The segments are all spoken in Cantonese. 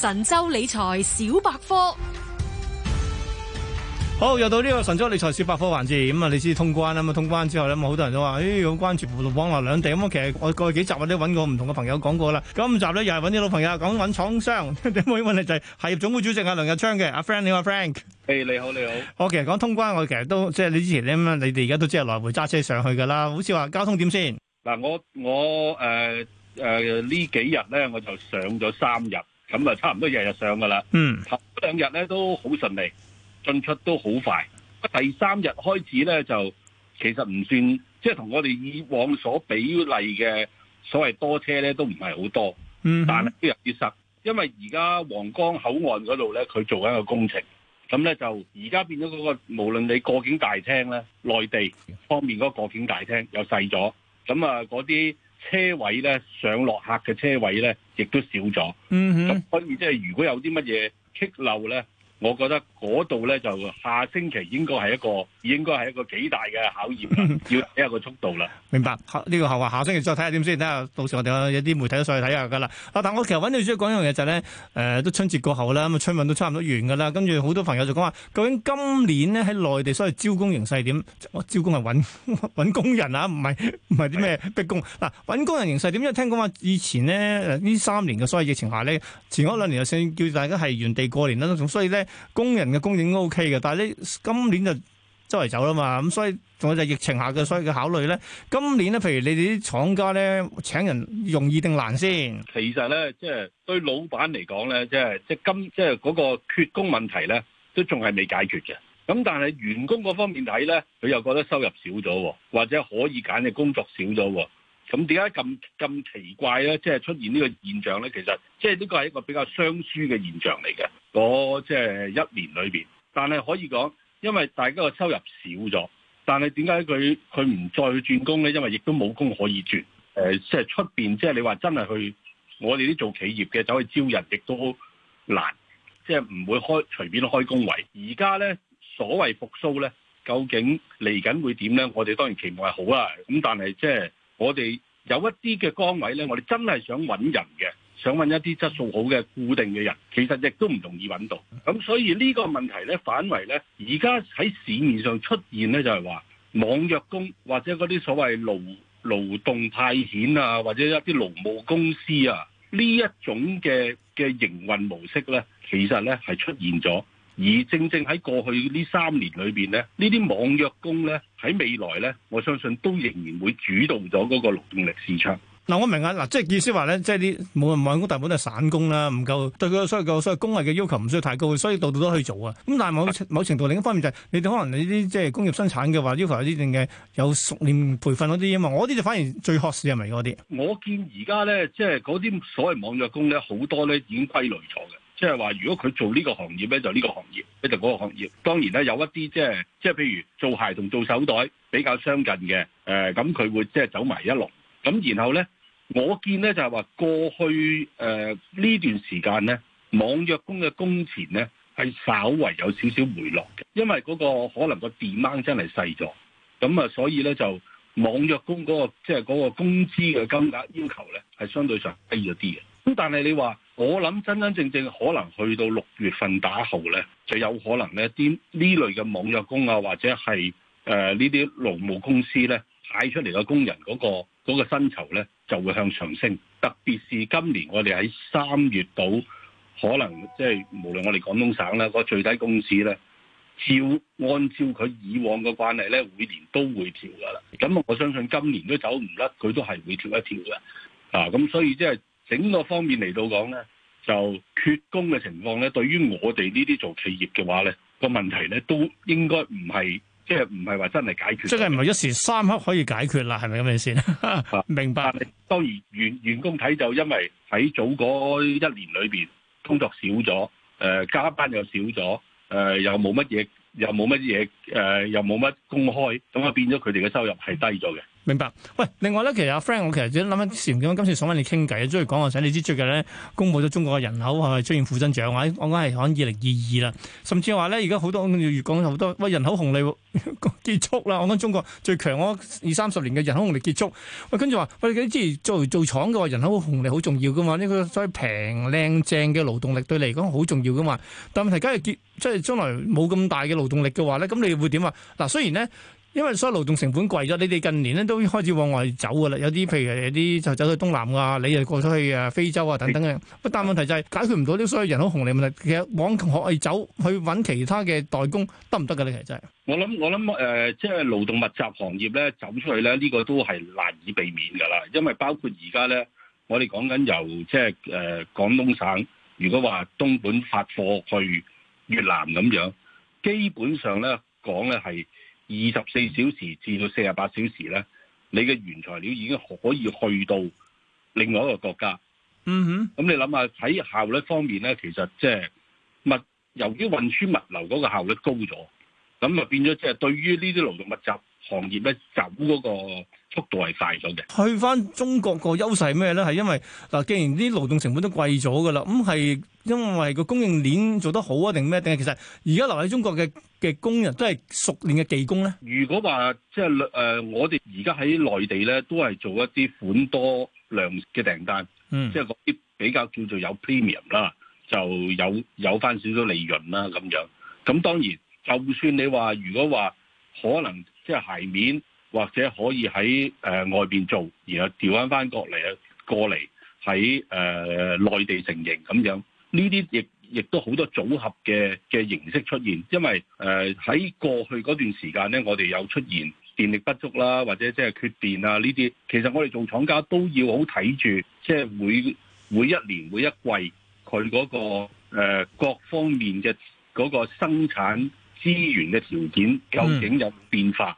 神州理財小百科好，好又到呢個神州理財小百科環節咁啊！你先通關啦，咁通關之後咧，好多人都話：，誒、哎，好關注互聯網啊兩地咁啊、嗯。其實我過去幾集我都揾過唔同嘅朋友講過啦。今集咧又係揾啲老朋友講，揾廠商，點 會問題就係鞋業總會主席阿梁日昌嘅阿 Frank，你阿 Frank，誒你好你好，我其實講通關，我其實都即係你之前你咁啊，你哋而家都即係來回揸車上去噶啦。好似話交通點先嗱，我我誒誒呢幾日咧，我就上咗三日。咁啊，就差唔多日日上噶啦。嗯、頭兩日咧，都好順利，進出都好快。第三日開始咧就其實唔算，即係同我哋以往所比例嘅所謂多車咧都唔係好多。嗯哼，但係都有啲塞，因為而家皇崗口岸嗰度咧佢做緊一個工程，咁咧，就而家變咗嗰、嗰個無論你過境大廳咧，內地方面嗰個過境大廳又細咗，咁啊嗰啲。車位咧，上落客嘅車位咧，亦都少咗。咁所以即係如果有啲乜嘢棘漏咧，我覺得。嗰度咧就下星期應該係一個應該係一個幾大嘅考驗 要睇下個速度啦。明白。呢個後話下星期再睇下點先，睇下到時我哋有啲媒體都上去睇下㗎啦。啊，但我其實揾最主要講一樣嘢就係、是、咧、呃，都春節過後啦，咁啊春運都差唔多完㗎啦，跟住好多朋友就講話，究竟今年咧喺內地所謂招工形勢點？我、啊、招工係揾工人啊，唔係唔係啲咩逼工嗱揾的、啊、工人形勢點？因為聽講話以前呢，呢三年嘅所謂疫情下咧，前嗰兩年就算叫大家係原地過年啦，所以咧工人。嘅供應都 OK 嘅，但係呢今年就周圍走啦嘛，咁所以仲有就疫情下嘅，所以嘅考慮咧，今年咧，譬如你哋啲廠家咧請人容易定難先？其實咧，即係對老闆嚟講咧，即係即係今即係嗰個缺工問題咧，都仲係未解決嘅。咁但係員工嗰方面睇咧，佢又覺得收入少咗，或者可以揀嘅工作少咗。咁點解咁咁奇怪咧？即係出現呢個現象咧，其實即係呢個係一個比較雙輸嘅現象嚟嘅。嗰即係一年裏面，但係可以講，因為大家個收入少咗，但係點解佢佢唔再去轉工咧？因為亦都冇工可以轉。誒，即係出面，即係你話真係去，我哋啲做企業嘅走去招人，亦都難。即係唔會開隨便開工位。而家咧，所謂復甦咧，究竟嚟緊會點咧？我哋當然期望係好啦。咁但係即係。我哋有一啲嘅崗位呢，我哋真係想揾人嘅，想揾一啲質素好嘅固定嘅人，其實亦都唔容易揾到。咁所以呢個問題呢，反為呢，而家喺市面上出現呢，就係話網約工或者嗰啲所謂勞勞動派遣啊，或者一啲勞務公司啊，呢一種嘅嘅營運模式呢，其實呢係出現咗。而正正喺過去呢三年裏邊咧，呢啲網約工咧喺未來咧，我相信都仍然會主導咗嗰個勞動力市場。嗱，我明啊，嗱，即係意思話咧，即係啲冇人揾工大部分係散工啦，唔夠對佢所謂嘅所謂工藝嘅要求，唔需要太高，所以度度都可以做啊。咁但係某某程度另一方面就係、是，你哋可能你啲即係工業生產嘅話，要求一定嘅有熟練培訓嗰啲啊嘛。我啲就反而最渴市係咪嗰啲？是是我見而家咧，即係嗰啲所謂網約工咧，好多咧已經歸類咗嘅。即係話，如果佢做呢個行業咧，就呢個行業，佢就嗰個行業。當然咧，有一啲即係，即係譬如做鞋同做手袋比較相近嘅，誒、呃，咁佢會即係走埋一路。咁然後咧，我見咧就係話過去誒呢段時間咧，網約工嘅工錢咧係稍為有少少回落嘅，因為嗰個可能個 demand 真係細咗。咁啊，所以咧就網約工嗰個即係嗰個工資嘅金額要求咧，係相對上低咗啲嘅。咁但係你話，我諗真真正正可能去到六月份打後咧，就有可能咧啲呢類嘅網約工啊，或者係誒呢啲勞務公司咧派出嚟嘅工人嗰個嗰個薪酬咧，就會向上升。特別是今年我哋喺三月度，可能即係無論我哋廣東省啦，個最低工資咧，照按照佢以往嘅慣例咧，每年都會調噶啦。咁我相信今年都走唔甩，佢都係會調一調嘅。啊，咁所以即係。整個方面嚟到講咧，就缺工嘅情況咧，對於我哋呢啲做企業嘅話咧，個問題咧都應該唔係，即係唔係話真係解決，即係唔係一時三刻可以解決啦，係咪咁嘅意思？ 明白。啊、當然，員，員工睇就因為喺早嗰一年裏面工作少咗、呃，加班又少咗，誒又冇乜嘢，又冇乜嘢，誒又冇乜、呃、工開，咁啊變咗佢哋嘅收入係低咗嘅。明白。喂，另外咧，其實阿 Frank，我其實想諗翻時唔時，今次想揾你傾偈，中意講話使。你知最近呢公布咗中國嘅人口係咪出現負增長啊？我講係響二零二二啦，甚至話咧，而家好多越講好多喂，人口紅利結束啦。我講中國最強嗰二三十年嘅人口紅利結束。喂，跟住話，喂，你知，之前做做廠嘅話，人口紅利好重要噶嘛？呢個所謂平靚正嘅勞動力對你嚟講好重要噶嘛？但問題梗係即係將來冇咁大嘅勞動力嘅話咧，咁你會點啊？嗱，雖然呢。因為所有勞動成本貴咗，你哋近年咧都開始往外走噶啦，有啲譬如有啲就走去東南亞，你又過咗去誒非洲啊等等嘅。不過但係問題就係解決唔到啲所有人口紅利問題，其實往外走去搵其他嘅代工得唔得噶咧？其實我諗我諗誒，即係勞動密集行業咧走出去咧呢，呢個都係難以避免噶啦，因為包括而家咧，我哋講緊由即係誒廣東省，如果話東莞發貨去越南咁樣，基本上咧講咧係。二十四小時至到四十八小時呢，你嘅原材料已經可以去到另外一個國家。嗯哼，咁你諗下喺效率方面呢，其實即係物由於運輸物流嗰個效率高咗，咁就變咗即係對於呢啲勞動密集行業呢，走嗰個，速度係快咗嘅，去翻中國個優勢係咩咧？係因為嗱，既然啲勞動成本都貴咗噶啦，咁係因為個供應鏈做得好啊，定咩？定係其實而家留喺中國嘅嘅工人都係熟練嘅技工咧。如果話即係誒，我哋而家喺內地咧，都係做一啲款多量嘅訂單，即係嗰啲比較叫做有 premium 啦，就有有翻少少利潤啦咁樣。咁當然，就算你話如果話可能即係鞋面。或者可以喺誒、呃、外邊做，然後調翻翻過嚟啊，過嚟喺誒內地成型咁樣。呢啲亦亦都好多組合嘅嘅形式出現，因為誒喺、呃、過去嗰段時間咧，我哋有出現電力不足啦，或者即係缺電啊呢啲。其實我哋做廠家都要好睇住，即、就、係、是、每每一年、每一季佢嗰、那個、呃、各方面嘅嗰、那個生產資源嘅條件究竟有冇變化。嗯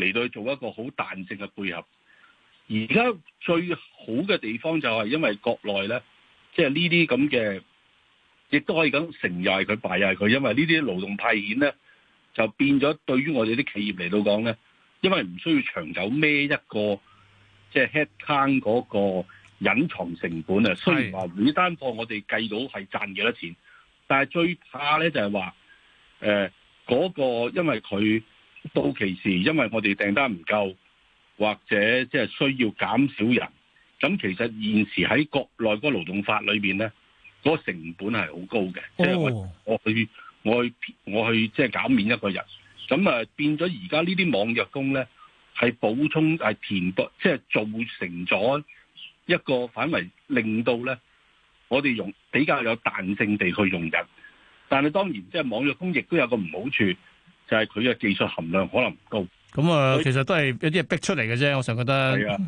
嚟到去做一個好彈性嘅配合，而家最好嘅地方就係因為國內咧，即係呢啲咁嘅，亦都可以咁成又係佢敗又係佢，因為呢啲勞動派遣咧，就變咗對於我哋啲企業嚟到講咧，因為唔需要長久孭一個即係、就是、headcount 嗰個隱藏成本啊。是雖然話每單貨我哋計到係賺幾多錢，但係最怕咧就係話誒嗰個，因為佢。到期時，因為我哋訂單唔夠，或者即係需要減少人，咁其實現時喺國內嗰個勞動法裏邊咧，嗰個成本係好高嘅，即係我我去我去即係減免一個人，咁啊，變咗而家呢啲網約工咧係補充係填補，即係造成咗一個反為令到咧我哋用比較有彈性地去用人，但係當然即係網約工亦都有個唔好處。但係佢嘅技術含量可能唔高，咁啊、嗯，以其實都係有啲嘢逼出嚟嘅啫，我成日覺得。係啊，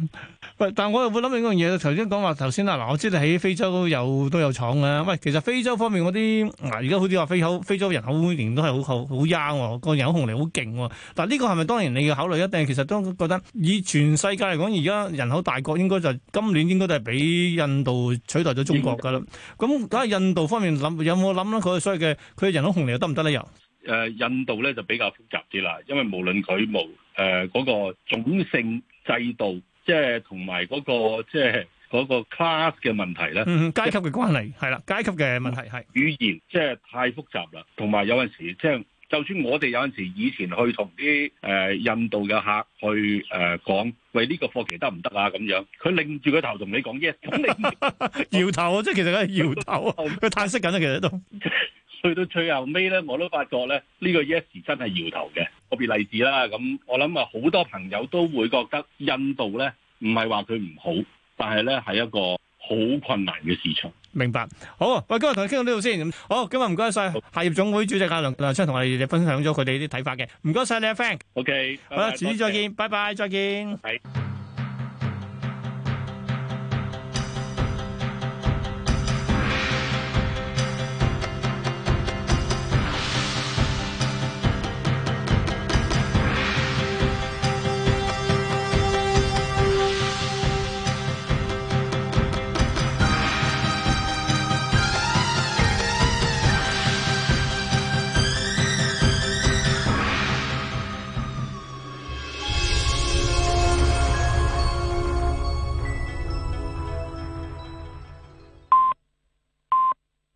喂，但係我又會諗起一樣嘢，頭先講話頭先啦，嗱，我知道喺非洲有都有廠嘅，喂，其實非洲方面嗰啲，嗱，而家好似話非洲非洲人口每年都係好好好 young，個人口紅利好勁喎。但係呢個係咪當然你要考慮一定，其實都覺得以全世界嚟講，而家人口大國應該就今年應該都係俾印度取代咗中國㗎啦。咁睇下印度方面諗有冇諗啦，佢所謂嘅佢嘅人口紅利又得唔得咧？又呃、印度咧就比較複雜啲啦，因為無論佢冇誒嗰個種姓制度，即係同埋嗰個即係嗰、那個 class 嘅問題咧。嗯，階級嘅關係係啦、就是，階級嘅問題係、呃、是語言即係、就是、太複雜啦，同埋有陣時即、就是、就算我哋有陣時候以前去同啲、呃、印度嘅客去誒講、呃，喂呢、這個貨期得唔得啊？咁樣佢擰住個頭同你講 Yes，咁你搖頭啊！即係、嗯、其實佢係搖頭啊！佢 嘆息緊啦，其實都。 去到最後尾咧，我都發覺咧，呢、這個 yes 真係搖頭嘅。個別例子啦，咁我諗啊，好多朋友都會覺得印度咧唔係話佢唔好，但係咧係一個好困難嘅事情。明白，好，喂，今日同你傾到呢度先。好，今日唔該晒，鞋業總會主席阿、啊、梁、梁日昌同我哋分享咗佢哋啲睇法嘅。唔該晒，你阿 Frank OK，bye bye，好啦，遲啲再見，拜拜謝，bye bye，再見。